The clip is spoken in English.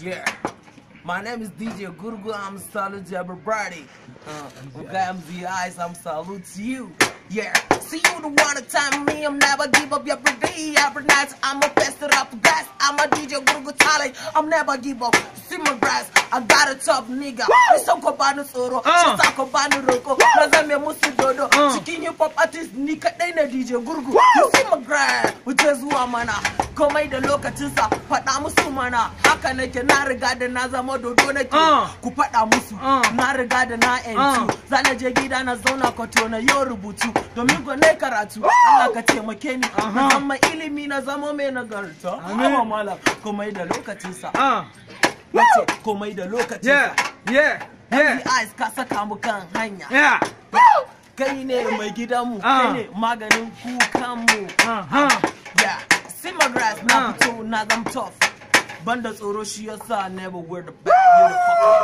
Yeah. My name is DJ Gurgu. Uh, I'm salute everybody. Uh, I'm the eyes. I'm salute you. Yeah. See you the one time me. I'm never give up every day, every night. I'm a fester up guys. I'm a DJ Gurgu talent. I'm never give up. See my brass. I got a top nigga. We so kobanu soro. Uh. She so kobanu roko. Raza me musi dodo. Uh. Chicken you pop artist nigga. They na DJ Gurgu. You see my grass. Which is who I'm on. komai da lokacinsa faɗa musu mana haka nake na riga da na zama dodo nake ah. ku faɗa musu ah. na riga da na yanci ah. za na je gida na zauna kwato na yau rubutu domin gwane karatu Allah ka taimake ni amma ilimi na zama mai nagarta amma mala komai da lokacinsa wace komai da lokacinsa yeah ka saka mu kan hanya kai ne mai gidanmu kai ne maganin kukanmu not platoon, now I'm tough. Bunda tsoro so I never wear the back.